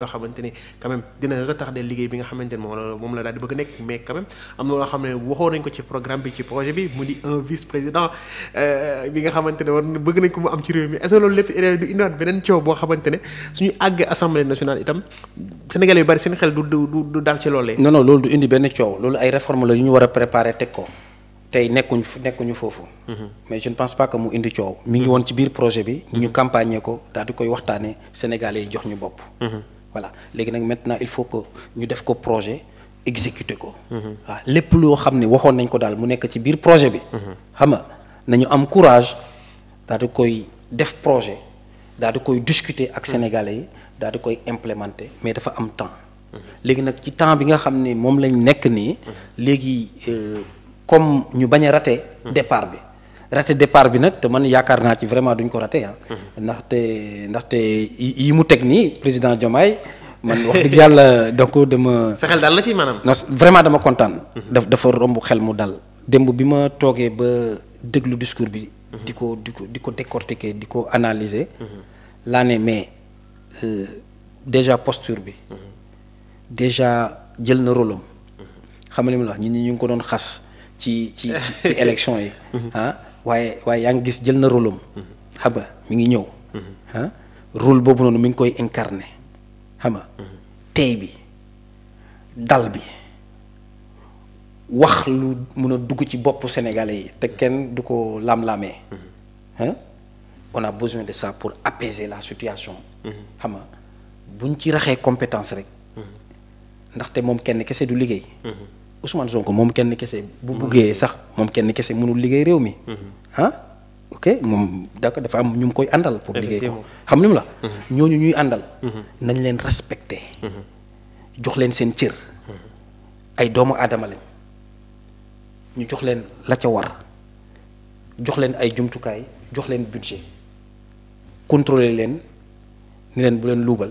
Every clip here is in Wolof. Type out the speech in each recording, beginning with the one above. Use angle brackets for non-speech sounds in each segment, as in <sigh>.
yoo xamante ni quand même dina retardé liggéey bi nga xamante ni moom la moom di bëgg nekk mais quand am na loo xam ne waxoon nañ ko ci programme bi ci projet bi mu di un vice président euh, bi nga xamante ne war na bëgg nañ ko mu am ci réew mi est-ce que loolu lépp du indiwaat beneen coow boo xamante ne suñu àgg assemblée nationale itam sénégalais yu bari seen xel du du du dal ci loolee. non non loolu du indi benn coow loolu ay réforme la yu ñu war a préparer teg ko tey nekkuñu mm-hmm. mi ngi mm-hmm. woon ci biir projet bi. ñu mm-hmm. campagner ko daal di koy waxtaanee sénégalais yi jox ñu bopp. voilà léegi nag maintenant il faut que ñu def ko projet exécuter ko. Mhm. waaw lépp loo xam ne waxoon nañ ko daal mu nekk ci biir projet bi. Mhm. xam nañu am courage daal di koy def projet daal koy discuter ak mhm. sénégalais yi daal di koy implémenter mais dafa am temps. léegi nag ci temps bi nga xam ne moom lañ nekk nii. léegi euh, comme ñu bañ a rater départ bi. raté départ bi nag te man yaakaar naa ci vraiment duñ ko raté ah. Mhm. ndaxte ndaxte yi mu teg nii président Diomaye. man wax dëgg yàlla <laughs> donc dama. sa xel dal na ci maanaam. non vraiment dama kontaan. Mhm. daf dafa romb xel mu dal. démb bi ma toogee ba déglu discours bi. Mhm. di ko di di ko décortiquer di ko analyser. laa ne mais euh, déjà posture bi. déjà jël na rôle am. xam nga li ma la ñu ngi ko doon xas ci ci ci <laughs> élection yi ah. waaye waaye yaa ngi gis jël na rôlam mm-hmm. xam nga mi ngi ñëw mm-hmm. ah rôle boobu noonu mi ngi koy incarné xam nga mm-hmm. tey bi dal bi wax lu mun a dugg ci boppu sénégalais yi te kenn du ko lam-lamee ah on a besoin de ça pour apaiser la situation xam nga buñ ci raxee compétence rek ndaxte moom kenn kese du liggéey Ousmane Sonko moom kenn kese bu buggee sax moom kenn kese mënul liggéey réew mi. Mhm. ah ok moom d'accord dafa am ñu mu koy àndal. pour liggéey ko xam ni mu la. Mhm. ñooñu ñuy àndal. Mhm. nañ leen respecté. jox leen seen cër. ay doomu aadama lañ ñu jox leen la ca war jox leen ay jumtukaay jox leen budget contrôler leen ni leen bu leen luubal.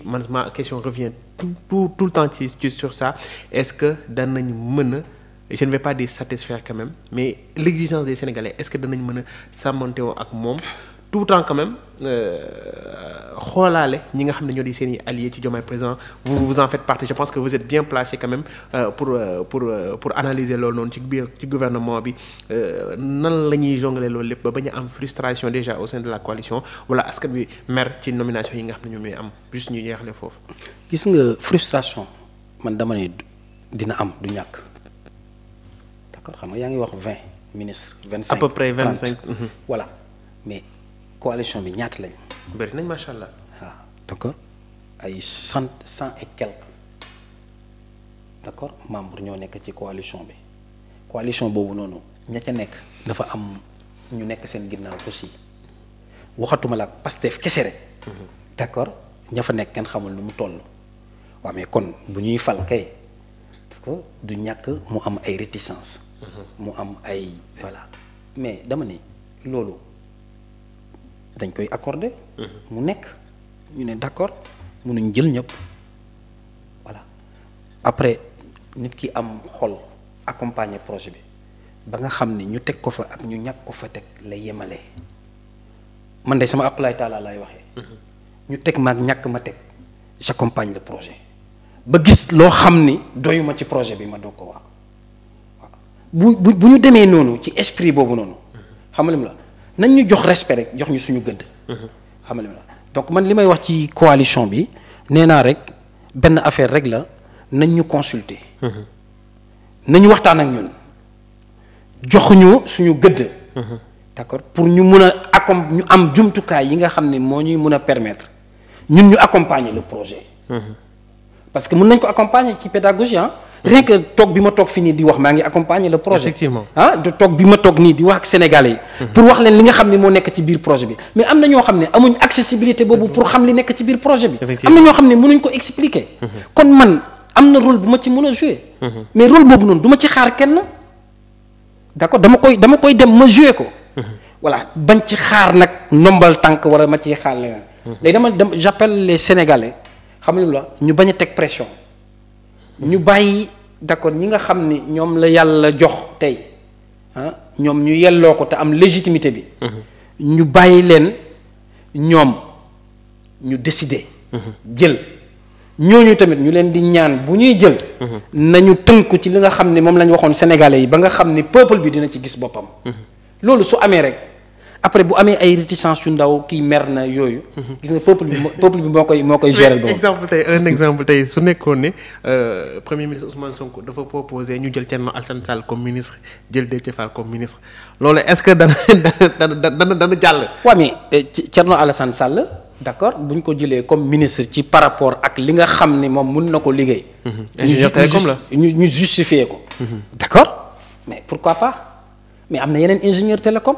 aussi man ma question revient tout tout tout le temps ci ci sur ça est-ce que danañ mën a je ne vais pas dire satisfaire quand même mais l'exigence des Sénégalais est-ce que danañ mën a sàmmante ak moom tout le temps quand même euh, xoolaale ñi nga xam ne ñoo di seen i alliés ci Diomaye président vous vous en faites partie je pense que vous êtes bien placé quand même euh, pour euh, pour pour analyser noonu ci biir ci gouvernement bi nan la ñuy jongale loolu lépp ba bañ am frustration déjà au sein de la coalition wala askan bi mer ci nomination yi nga xam ne ñoom ñooy am juste ñu yeexle foofu. gis nga frustration man dama ne dina am du ñàkk d'accord xam nga yaa ngi wax vingt ministres. vingt cinq à peu mhm. voilà coalition bi ñaata lañ. bëri nañ macha allah. waaw ah, d'accord ay cent cent et quelques d'accord membres ñoo nekk ci coalition bi coalition boobu noonu ña ca nekk dafa am ñu nekk seen ginnaaw aussi waxatuma la ak Pastef kese rek. Mhm. d'accord ña fa nekk kenn xamul nu mu toll. waaw mais kon bu ñuy fal kay d'accord du ñàkk mu am ay réticence mhm. mu am ay voilà mais dama ni loolu. dañ koy accordé. Mm-hmm. mu nekk ñu ne d'accord mënuñ jël ñëpp voilà après nit ki am xol accompagner projet bi ba nga xam ne ñu teg ko fa ak ñu ñàkk ko fa teg la yemale man de sama aqulaay taala laay waxee. Mm-hmm. ñu teg ma ak ñàkk ma teg j'accompagne le projet ba gis loo xam ni doyuma ci projet bi ma doog ko wax bu bu bu ñu demee noonu ci esprit boobu noonu. Mm-hmm. xam nga la. nañ ñu jox respect jox ñu suñu gëdd. xam nga donc man li may wax ci coalition bi nee naa rek benn affaire rek la nañ ñu consulter. nañu waxtaan ak ñun jox ñu suñu gëdd. d'accord pour ñu mun a accomp ñu am jumtukaay yi nga xam ne moo ñuy mun a permettre ñun ñu accompagner le projet. Mhm. parce que mun nañ ko accompagner ci pédagogie ah. rien que toog bi ma toog fi nii di wax maa ngi accompagner le projet. effectivement ah toog bi ma toog nii di wax ak sénégalais yi. Mhm. pour wax leen li nga xam ne moo nekk ci biir projet bi mais am na ñoo xam ne amuñ accessibilité boobu pour xam li nekk ci biir projet bi. am na xam ne mënuñ ko expliquer. Mhm. kon man am na rôle bu ma ci mën a jouer. Mhm. mais rôle boobu noonu duma ci xaar kenn. d'accord dama koy dama koy dem ma jouer ko. voilà bañ ci xaar nag nombal tànk wala ma ciy xaar leneen. léegi dama dem j'appelle le sénégalais xam nga la ñu bañ a teg pression. ñu bàyyi d'accord ñi nga xam ni ñoom la yàlla jox tey ah, ñoom ñu yelloo ko te am légitimité bi. Mm-hmm. ñu bàyyi leen ñoom ñu décider. Mm-hmm. jël ñooñu tamit ñu leen di ñaan bu ñuy jël. Mm-hmm. nañu tënku ci li nga xam ni moom la ñu waxoon sénégalais yi ba nga xam ni peuple bi dina ci gis boppam. loolu su amee rek. après bu amee ay réticence yu ndaw kii mer na yooyu. gis nga peuple bi moo koy moo koy gérer. boobu exemple tey su nekkoon ne euh, premier ministre Ousmane Sonko dafa proposé ñu jël Thierno Alassane Sall comme ministre jël que <laughs> dana dana dana dana jàll. waaw mais euh, Sall d'accord bu ñu ko jëlee comme ministre ci par rapport ak li nga xam ne moom mun na ko liggéey. Mm-hmm. ingénieur télécom la ñu ñu justifier ko. Mm-hmm. d'accord mais pourquoi pa mais am na yeneen ingénieur télécom.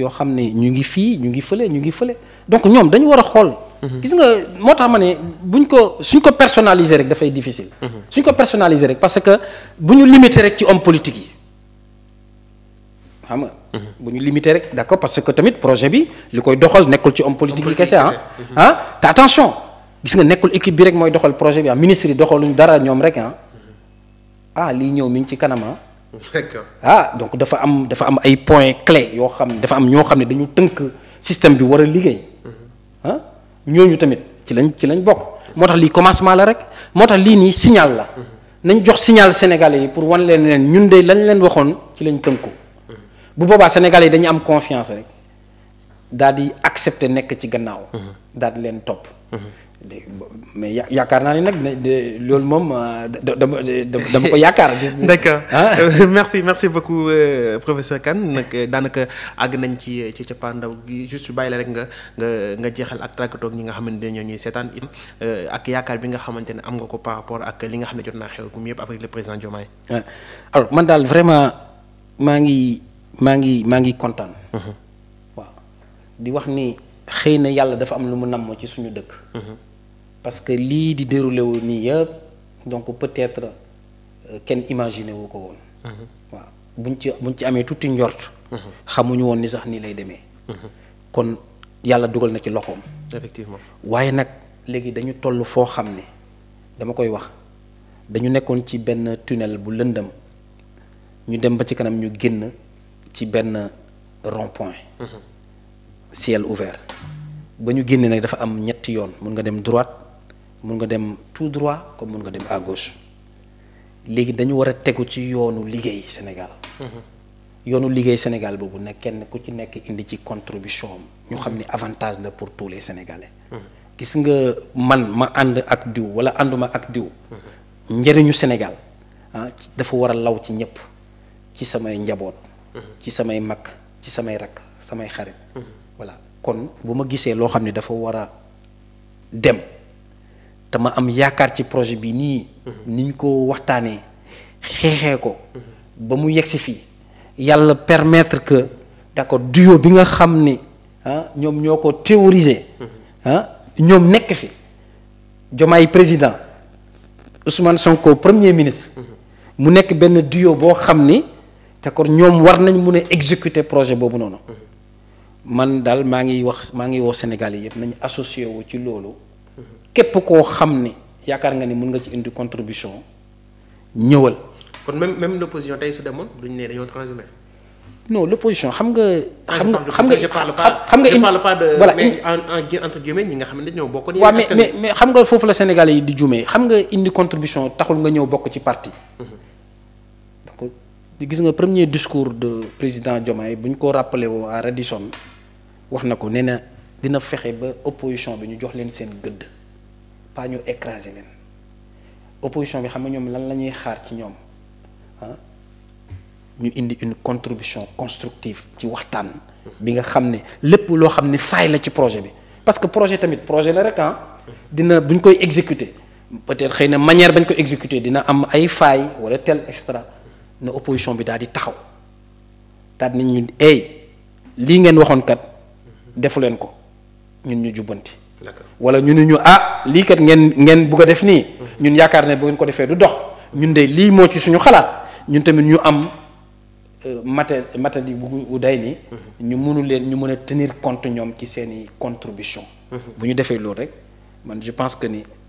yoo xam ne ñu ngi fii ñu ngi fële ñu ngi fële donc ñoom dañu war a xool. Mhm. gis nga moo tax ma ne buñ ko suñ ko personnaliser rek dafay difficile. Mhm. suñ ko personnaliser rek parce que bu ñu limiter rek ci homme politique yi xam mhm. ñu limiter rek d'accord parce que tamit projet bi li koy doxal nekkul ci homme politique yi kese ah. ah te attention gis nga nekkul équipe bi rek mooy doxal projet bi ah ministre yi doxaluñ dara ñoom rek ah ah lii ñëw mi ngi ci kanama ah. ah donc dafa am dafa am ay point clés yoo xam ne dafa am ñoo xam ne dañu tënk système bi war a liggéey mhm. ah, ñooñu tamit ci lañ ci lañ bokk. moo tax lii commencement la rek moo tax lii nii signal la. Mhm. nañ jox signal sénégalais yi pour wan leen leen ñun de lañ leen waxoon ci lañ tënku. Mhm. bu boobaa sénégalais yi dañu am confiance rek daal di accepter nekk ci gannaaw. daal di leen topp. mais yaakaar naa ni nag loolu moom euh, dama dama ko yaakaar. <laughs> d'accord ah. euh, merci merci beaucoup euh, professeur kan nag <laughs> daanaka àgg nañ ci ci cappaandaw gi juste bàyyi la rek nga nga nga jeexal ak tàggatoog ñi nga xamante ne ñoo ñuy seetaan it euh, ak yaakaar bi nga xamante ne am nga ko par rapport ak li nga xam ne jot naa xew gum yëpp avec le président Diomaye. man daal vraiment maa ngi maa ngi maa ngi kontaan. Mhm. waaw di wax ni xëy na yàlla dafa am lu mu namm ci suñu dëkk. Mhm. parce que lii di déroulé wu nii yëpp donc peut-être euh, kenn imaginé wu ko woon. Mhm. waaw buñ ci buñ ci amee tuuti njort. Mhm. xamuñu woon ni sax nii lay demee. Mhm. kon yàlla dugal na ci loxoom. effectivement waaye nag léegi dañu toll foo xam ne dama koy wax dañu nekkoon ci benn tunnel bu lëndëm ñu dem ba ci kanam ñu génn ci benn rond-point. ciel ouvert ba ñu génnee nag dafa am ñetti yoon mun nga dem droite. mun nga dem tout droit comme mun nga dem à léegi dañu war a tegu ci yoonu liggéey Sénégal. Mhm. yoonu liggéey Sénégal boobu nag kenn ku ci nekk indi ci contribution am ñu xam ne mhm. avantage la pour tous les mhm. gis nga man ma ànd ak diw wala ànduma ak diw. njëriñu Sénégal ah, dafa war a law ci ñëpp ci samay njaboot. ci samay mag ci samay rakk samay xarit. voilà kon bu ma gisee loo xam ne dafa war a dem. te ma am yaakaar ci projet bii nii. Mhm. niñ ko waxtaanee xeexee ko. Mhm. ba mu yegsi fii yàlla permettre que d'accord duo bi nga xam ni ah ñoom ñoo ko théoriser. Mhm. ah ñoom nekk fi Diomaye président Ousmane Sonko premier ministre. mu nekk benn duyo boo xam ni d'accord ñoom war nañ mu ne exécuter projet boobu noonu. man daal maa ngi wax maa ngi woo Sénégal yi yëpp nañu associé wu ci loolu. képp koo xam ne yaakaar nga ni mën nga ci indi contribution ñëwal. kon même même l'opposition tey su demoon duñ ne dañoo transhumé. non l'opposition xam nga. xam nga xam nga xam nga je parle pas de voilà mais en entre guillemets ñi xam ne ñoo bokk. waaw mais mais xam nga foofu la Sénégalais yi di juumee xam nga indi contribution taxul nga ñëw bokk ci parti. Mm-hmm. gis nga premier discours de président Diomaye bu ñu ko rappelé woo à Radisson wax na ko nee dina fexe ba opposition bi ñu jox leen seen gëdd pas ñu écraser leen opposition bi xam nga ñoom lan la ñuy xaar ci ñoom ah ñu indi une contribution constructive ci waxtaan bi nga xam ne lépp loo xam ne faay la ci projet bi parce que projet tamit projet la rek ah dina buñ koy exécuter peut-être xëy na manière bañ ko exécuter dina am ay faay wala tel et cetera na opposition bi daal di taxaw daal nañ ñu ay lii ngeen waxoon kat defu leen ko ñun ñu jubbanti. wala ñu ne ñu ah lii kat ngeen ngeen bugg a def nii. ñun yaakaar ne bu ngeen ko defee du dox. ñun de lii moo ci suñu xalaat ñun tamit ñu am maté euh, matériel bu day nii. Mhm. ñu mënu leen ñu mën a tenir compte ñoom ci seen i contribution mhm. bu ñu defee loolu rek man je pense que nii